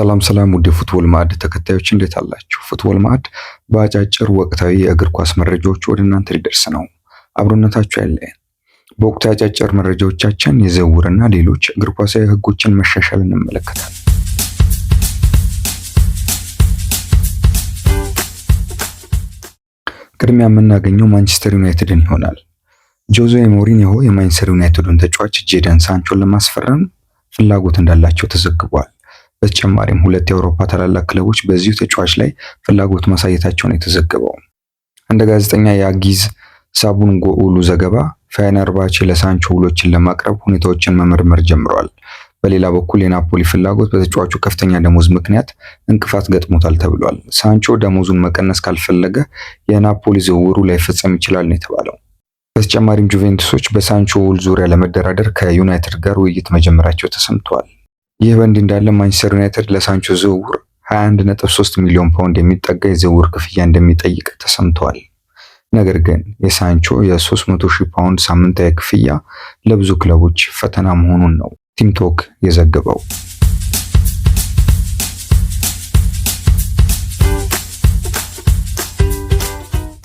ሰላም ሰላም ውድ የፉትቦል ማዕድ ተከታዮች እንዴት አላችሁ? ፉትቦል ማዕድ በአጫጭር ወቅታዊ የእግር ኳስ መረጃዎች ወደ እናንተ ሊደርስ ነው። አብሮነታችሁ ያለየን። በወቅታዊ አጫጭር መረጃዎቻችን የዝውውርና ሌሎች እግር ኳሳዊ ሕጎችን መሻሻል እንመለከታል። ቅድሚያ የምናገኘው ማንቸስተር ዩናይትድን ይሆናል። ጆዜ ሞሪኒሆ የማንቸስተር ዩናይትዱን ተጫዋች ጄደን ሳንቾን ለማስፈረም ፍላጎት እንዳላቸው ተዘግቧል። በተጨማሪም ሁለት የአውሮፓ ታላላቅ ክለቦች በዚሁ ተጫዋች ላይ ፍላጎት ማሳየታቸውን የተዘገበው። እንደ ጋዜጠኛ የአጊዝ ሳቡን ጎኡሉ ዘገባ ፋየነርባቼ ለሳንቾ ውሎችን ለማቅረብ ሁኔታዎችን መመርመር ጀምሯል። በሌላ በኩል የናፖሊ ፍላጎት በተጫዋቹ ከፍተኛ ደሞዝ ምክንያት እንቅፋት ገጥሞታል ተብሏል። ሳንቾ ደሞዙን መቀነስ ካልፈለገ የናፖሊ ዝውውሩ ላይፈጸም ይችላል ነው የተባለው። በተጨማሪም ጁቬንቱሶች በሳንቾ ውል ዙሪያ ለመደራደር ከዩናይትድ ጋር ውይይት መጀመራቸው ተሰምተዋል። ይህ በእንዲህ እንዳለ ማንቸስተር ዩናይትድ ለሳንቾ ዝውውር 21.3 ሚሊዮን ፓውንድ የሚጠጋ የዝውውር ክፍያ እንደሚጠይቅ ተሰምቷል። ነገር ግን የሳንቾ የ300 ሺህ ፓውንድ ሳምንታዊ ክፍያ ለብዙ ክለቦች ፈተና መሆኑን ነው ቲምቶክ የዘገበው።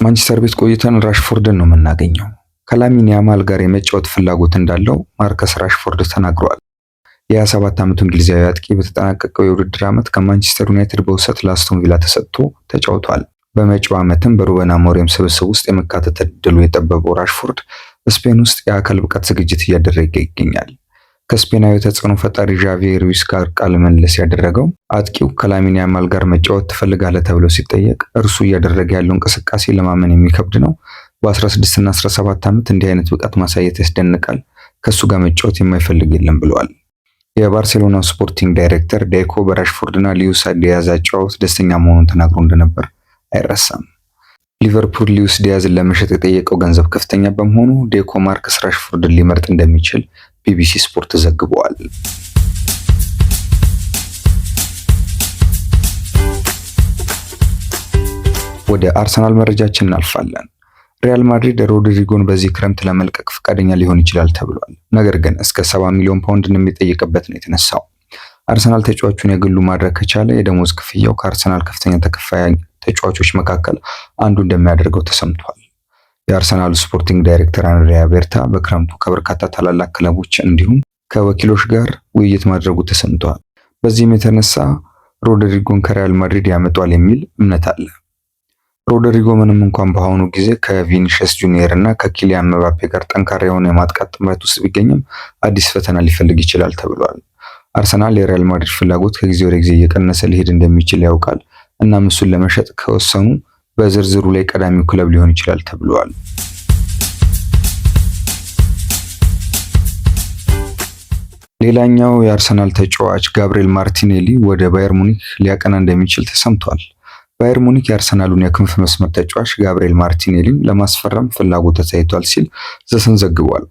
ማንቸስተር ቤት ቆይተን ራሽፎርድን ነው የምናገኘው። ከላሚን ያማል ጋር የመጫወት ፍላጎት እንዳለው ማርከስ ራሽፎርድ ተናግሯል። የ27 ዓመቱ እንግሊዛዊ አጥቂ በተጠናቀቀው የውድድር ዓመት ከማንቸስተር ዩናይትድ በውሰት ለአስቶን ቪላ ተሰጥቶ ተጫውቷል። በመጪው ዓመትም በሩበን አሞሪም ስብስብ ውስጥ የመካተት እድሉ የጠበበው ራሽፎርድ ስፔን ውስጥ የአካል ብቃት ዝግጅት እያደረገ ይገኛል። ከስፔናዊ ተጽዕኖ ፈጣሪ ዣቪ ሩዊስ ጋር ቃለ ምልልስ ያደረገው አጥቂው ከላሚን ያማል ጋር መጫወት ትፈልጋለህ ተብሎ ሲጠየቅ እርሱ እያደረገ ያለው እንቅስቃሴ ለማመን የሚከብድ ነው። በ16 እና 17 ዓመት እንዲህ አይነት ብቃት ማሳየት ያስደንቃል። ከእሱ ጋር መጫወት የማይፈልግ የለም ብለዋል። የባርሴሎና ስፖርቲንግ ዳይሬክተር ዴኮ በራሽፎርድና ሊዩስ ዲያዝ አጨዋወት ደስተኛ መሆኑን ተናግሮ እንደነበር አይረሳም። ሊቨርፑል ሊዩስ ዲያዝን ለመሸጥ የጠየቀው ገንዘብ ከፍተኛ በመሆኑ ዴኮ ማርከስ ራሽፎርድን ሊመርጥ እንደሚችል ቢቢሲ ስፖርት ዘግበዋል። ወደ አርሰናል መረጃችን እናልፋለን። ሪያል ማድሪድ ሮድሪጎን በዚህ ክረምት ለመልቀቅ ፈቃደኛ ሊሆን ይችላል ተብሏል። ነገር ግን እስከ ሰባ ሚሊዮን ፓውንድ እንደሚጠየቅበት ነው የተነሳው። አርሰናል ተጫዋቹን የግሉ ማድረግ ከቻለ የደሞዝ ክፍያው ከአርሰናል ከፍተኛ ተከፋይ ተጫዋቾች መካከል አንዱ እንደሚያደርገው ተሰምቷል። የአርሰናል ስፖርቲንግ ዳይሬክተር አንድሪያ ቤርታ በክረምቱ ከበርካታ ታላላቅ ክለቦች እንዲሁም ከወኪሎች ጋር ውይይት ማድረጉ ተሰምተዋል። በዚህም የተነሳ ሮድሪጎን ከሪያል ማድሪድ ያመጧል የሚል እምነት አለ። ሮድሪጎ ምንም እንኳን በአሁኑ ጊዜ ከቪኒሽስ ጁኒየር እና ከኪሊያን መባፔ ጋር ጠንካራ የሆነ የማጥቃት ጥምረት ውስጥ ቢገኝም አዲስ ፈተና ሊፈልግ ይችላል ተብሏል። አርሰናል የሪያል ማድሪድ ፍላጎት ከጊዜ ወደ ጊዜ እየቀነሰ ሊሄድ እንደሚችል ያውቃል እና እሱን ለመሸጥ ከወሰኑ በዝርዝሩ ላይ ቀዳሚው ክለብ ሊሆን ይችላል ተብሏል። ሌላኛው የአርሰናል ተጫዋች ጋብሪኤል ማርቲኔሊ ወደ ባየር ሙኒክ ሊያቀና እንደሚችል ተሰምቷል። ባየር ሙኒክ የአርሰናሉን የክንፍ መስመር ተጫዋች ጋብርኤል ማርቲኔሊን ለማስፈረም ፍላጎት ተሳይቷል ሲል ዘሰን ዘግቧል።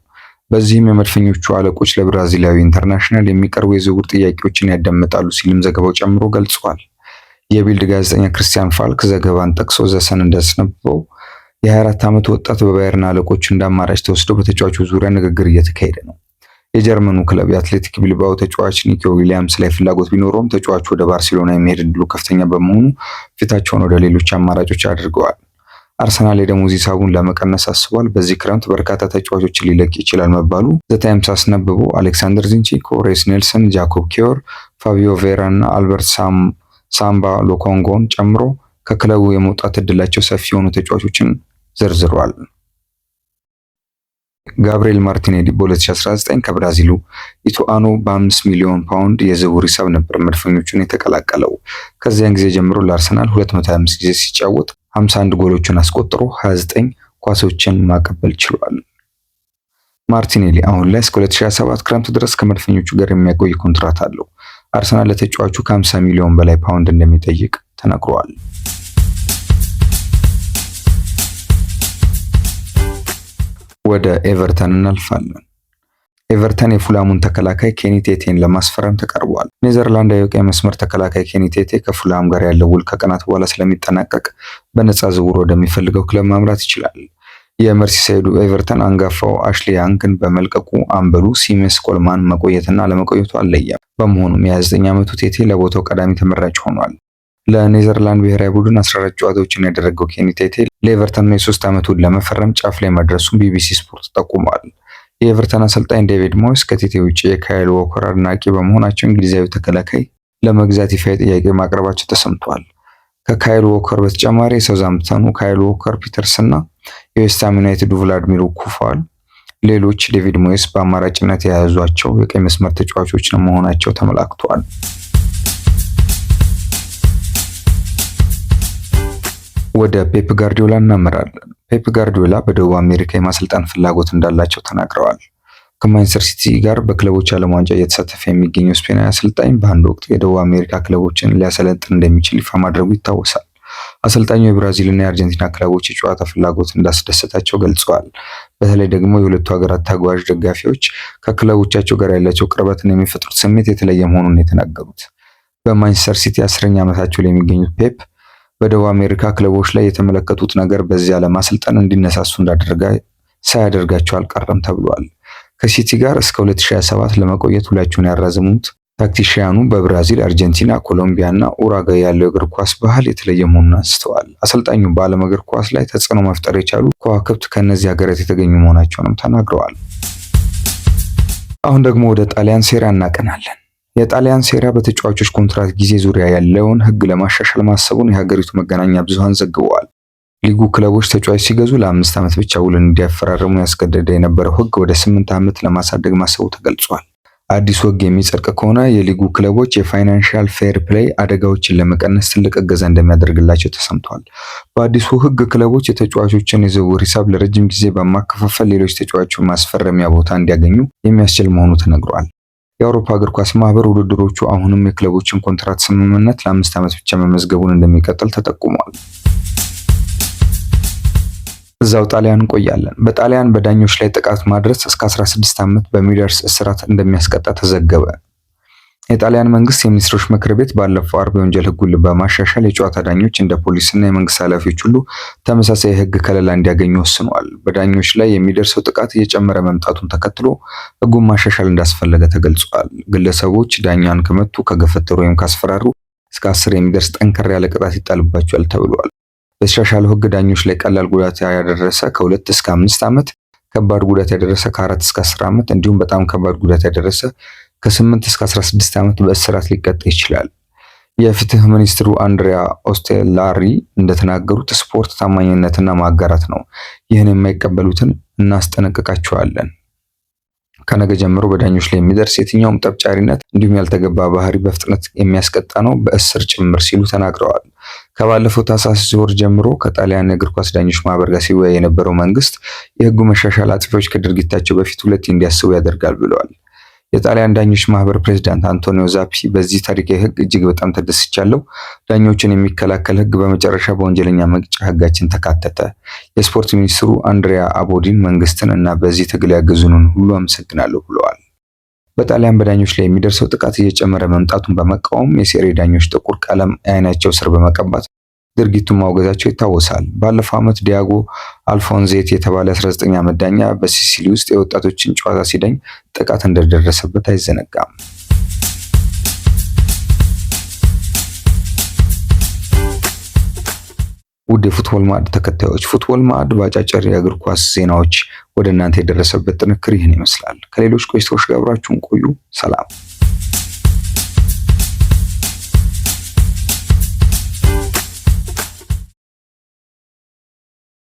በዚህም የመድፈኞቹ አለቆች ለብራዚላዊ ኢንተርናሽናል የሚቀርቡ የዝውውር ጥያቄዎችን ያዳምጣሉ ሲልም ዘገባው ጨምሮ ገልጿል። የቢልድ ጋዜጠኛ ክርስቲያን ፋልክ ዘገባን ጠቅሶ ዘሰን እንዳስነበው የ24 ዓመት ወጣት በባየርን አለቆች እንደ አማራጭ ተወስዶ በተጫዋቹ ዙሪያ ንግግር እየተካሄደ ነው። የጀርመኑ ክለብ የአትሌቲክ ቢልባው ተጫዋች ኒኮ ዊሊያምስ ላይ ፍላጎት ቢኖረውም ተጫዋቹ ወደ ባርሴሎና የሚሄድ እድሉ ከፍተኛ በመሆኑ ፊታቸውን ወደ ሌሎች አማራጮች አድርገዋል። አርሰናል የደሞዝ ሂሳቡን ለመቀነስ አስቧል። በዚህ ክረምት በርካታ ተጫዋቾችን ሊለቅ ይችላል መባሉ ዘታይምስ አስነብቦ አሌክሳንደር ዚንቼንኮ፣ ሬስ ኔልሰን፣ ጃኮብ ኪዮር፣ ፋቢዮ ቬራ እና አልበርት ሳምባ ሎኮንጎን ጨምሮ ከክለቡ የመውጣት እድላቸው ሰፊ የሆኑ ተጫዋቾችን ዘርዝሯል። ጋብሪኤል ማርቲኔሊ በ2019 ከብራዚሉ ኢቱአኖ በ5 ሚሊዮን ፓውንድ የዝውውር ሂሳብ ነበር መድፈኞቹን የተቀላቀለው። ከዚያን ጊዜ ጀምሮ ለአርሰናል 225 ጊዜ ሲጫወት 51 ጎሎችን አስቆጥሮ 29 ኳሶችን ማቀበል ችሏል። ማርቲኔሊ አሁን ላይ እስከ 2027 ክረምት ድረስ ከመድፈኞቹ ጋር የሚያቆይ ኮንትራት አለው። አርሰናል ለተጫዋቹ ከ50 ሚሊዮን በላይ ፓውንድ እንደሚጠይቅ ተነግሯል። ወደ ኤቨርተን እናልፋለን። ኤቨርተን የፉላሙን ተከላካይ ኬኒቴቴን ለማስፈረም ተቀርቧል። ኔዘርላንድ የቀኝ መስመር ተከላካይ ኬኒቴቴ ከፉላም ጋር ያለው ውል ከቀናት በኋላ ስለሚጠናቀቅ በነፃ ዝውውር ወደሚፈልገው ክለብ ማምራት ይችላል። የመርሲሳይዱ ኤቨርተን አንጋፋው አሽሊ ያንግን በመልቀቁ አምበሉ ሲሜስ ኮልማን መቆየትና ለመቆየቱ አለየም። በመሆኑም የ29 ዓመቱ ቴቴ ለቦታው ቀዳሚ ተመራጭ ሆኗል። ለኔዘርላንድ ብሔራዊ ቡድን 14 ጨዋታዎችን ያደረገው ኬኒ ቴቴ ለኤቨርተን የሶስት ዓመቱን ለመፈረም ጫፍ ላይ መድረሱን ቢቢሲ ስፖርት ጠቁሟል። የኤቨርተን አሰልጣኝ ዴቪድ ሞይስ ከቴቴ ውጭ የካይል ወኮር አድናቂ በመሆናቸው እንግሊዛዊ ተከላካይ ለመግዛት ይፋ ጥያቄ ማቅረባቸው ተሰምቷል። ከካይል ወከር በተጨማሪ የሳውዝሃምፕተኑ ካይል ወከር ፒተርስ እና የዌስትሃም ዩናይትድ ቭላድሚር ኩፋል ሌሎች ዴቪድ ሞይስ በአማራጭነት የያዟቸው የቀኝ መስመር ተጫዋቾችን መሆናቸው ተመላክቷል። ወደ ፔፕ ጋርዲዮላ እናመራለን። ፔፕ ጋርዲዮላ በደቡብ አሜሪካ የማሰልጣን ፍላጎት እንዳላቸው ተናግረዋል። ከማንቸስተር ሲቲ ጋር በክለቦች ዓለም ዋንጫ እየተሳተፈ የሚገኘው ስፔናዊ አሰልጣኝ በአንድ ወቅት የደቡብ አሜሪካ ክለቦችን ሊያሰለጥን እንደሚችል ይፋ ማድረጉ ይታወሳል። አሰልጣኙ የብራዚልና የአርጀንቲና ክለቦች የጨዋታ ፍላጎት እንዳስደሰታቸው ገልጸዋል። በተለይ ደግሞ የሁለቱ ሀገራት ተጓዥ ደጋፊዎች ከክለቦቻቸው ጋር ያላቸው ቅርበትን የሚፈጥሩት ስሜት የተለየ መሆኑን የተናገሩት በማንቸስተር ሲቲ አስረኛ ዓመታቸው ላይ የሚገኙት ፔፕ በደቡብ አሜሪካ ክለቦች ላይ የተመለከቱት ነገር በዚያ ለማሰልጠን እንዲነሳሱ እንዳደረጋ ሳያደርጋቸው አልቀረም ተብሏል። ከሲቲ ጋር እስከ 2027 ለመቆየት ሁላቸውን ያራዘሙት ታክቲሽያኑ በብራዚል፣ አርጀንቲና፣ ኮሎምቢያ እና ኡራጋ ያለው እግር ኳስ ባህል የተለየ መሆኑን አንስተዋል። አሰልጣኙ በዓለም እግር ኳስ ላይ ተጽዕኖ መፍጠር የቻሉ ከዋክብት ከእነዚህ ሀገራት የተገኙ መሆናቸውንም ተናግረዋል። አሁን ደግሞ ወደ ጣሊያን ሴሪያ እናቀናለን። የጣሊያን ሴራ በተጫዋቾች ኮንትራት ጊዜ ዙሪያ ያለውን ህግ ለማሻሻል ማሰቡን የሀገሪቱ መገናኛ ብዙሃን ዘግበዋል። ሊጉ ክለቦች ተጫዋች ሲገዙ ለአምስት ዓመት ብቻ ውልን እንዲያፈራረሙ ያስገደደ የነበረው ህግ ወደ ስምንት ዓመት ለማሳደግ ማሰቡ ተገልጿል። አዲሱ ህግ የሚጸድቅ ከሆነ የሊጉ ክለቦች የፋይናንሻል ፌር ፕሌይ አደጋዎችን ለመቀነስ ትልቅ እገዛ እንደሚያደርግላቸው ተሰምቷል። በአዲሱ ህግ ክለቦች የተጫዋቾችን የዝውውር ሂሳብ ለረጅም ጊዜ በማከፋፈል ሌሎች ተጫዋቾች ማስፈረሚያ ቦታ እንዲያገኙ የሚያስችል መሆኑ ተነግሯል። የአውሮፓ እግር ኳስ ማህበር ውድድሮቹ አሁንም የክለቦችን ኮንትራት ስምምነት ለአምስት ዓመት ብቻ መመዝገቡን እንደሚቀጥል ተጠቁሟል። እዛው ጣሊያን እንቆያለን። በጣሊያን በዳኞች ላይ ጥቃት ማድረስ እስከ 16 ዓመት በሚደርስ እስራት እንደሚያስቀጣ ተዘገበ። የጣሊያን መንግስት የሚኒስትሮች ምክር ቤት ባለፈው አርብ የወንጀል ህጉን በማሻሻል የጨዋታ ዳኞች እንደ ፖሊስና የመንግስት ኃላፊዎች ሁሉ ተመሳሳይ የህግ ከለላ እንዲያገኙ ወስኗል። በዳኞች ላይ የሚደርሰው ጥቃት እየጨመረ መምጣቱን ተከትሎ ህጉን ማሻሻል እንዳስፈለገ ተገልጿል። ግለሰቦች ዳኛን ከመቱ፣ ከገፈተሩ ወይም ካስፈራሩ እስከ አስር የሚደርስ ጠንከር ያለ ቅጣት ይጣልባቸዋል ተብሏል። በተሻሻለው ህግ ዳኞች ላይ ቀላል ጉዳት ያደረሰ ከሁለት እስከ አምስት ዓመት፣ ከባድ ጉዳት ያደረሰ ከአራት እስከ አስር ዓመት እንዲሁም በጣም ከባድ ጉዳት ያደረሰ ከ8 እስከ 16 ዓመት በእስራት ሊቀጣ ይችላል። የፍትህ ሚኒስትሩ አንድሪያ ኦስቴላሪ እንደተናገሩት ስፖርት ታማኝነትና ማጋራት ነው። ይህን የማይቀበሉትን እናስጠነቅቃቸዋለን። ከነገ ጀምሮ በዳኞች ላይ የሚደርስ የትኛውም ጠብጫሪነት እንዲሁም ያልተገባ ባህሪ በፍጥነት የሚያስቀጣ ነው፣ በእስር ጭምር ሲሉ ተናግረዋል። ከባለፈው ታህሳስ ወር ጀምሮ ከጣሊያን እግር ኳስ ዳኞች ማህበር ጋር ሲወያይ የነበረው መንግስት የህጉ መሻሻል አጥፊዎች ከድርጊታቸው በፊት ሁለት እንዲያስቡ ያደርጋል ብለዋል። የጣሊያን ዳኞች ማህበር ፕሬዚዳንት አንቶኒዮ ዛፒ በዚህ ታሪካዊ ህግ እጅግ በጣም ተደስቻለሁ። ዳኞችን የሚከላከል ህግ በመጨረሻ በወንጀለኛ መቅጫ ህጋችን ተካተተ። የስፖርት ሚኒስትሩ አንድሪያ አቦዲን መንግስትን እና በዚህ ትግል ያገዙንን ሁሉ አመሰግናለሁ ብለዋል። በጣሊያን በዳኞች ላይ የሚደርሰው ጥቃት እየጨመረ መምጣቱን በመቃወም የሴሬ ዳኞች ጥቁር ቀለም አይናቸው ስር በመቀባት ድርጊቱን ማውገዛቸው ይታወሳል። ባለፈው ዓመት ዲያጎ አልፎንዜት የተባለ 19 ዓመት ዳኛ በሲሲሊ ውስጥ የወጣቶችን ጨዋታ ሲዳኝ ጥቃት እንደደረሰበት አይዘነጋም። ውድ የፉትቦል ማዕድ ተከታዮች ፉትቦል ማዕድ በአጫጭር የእግር ኳስ ዜናዎች ወደ እናንተ የደረሰበት ጥንክር ይህን ይመስላል። ከሌሎች ቆይታዎች ጋር አብራችሁን ቆዩ። ሰላም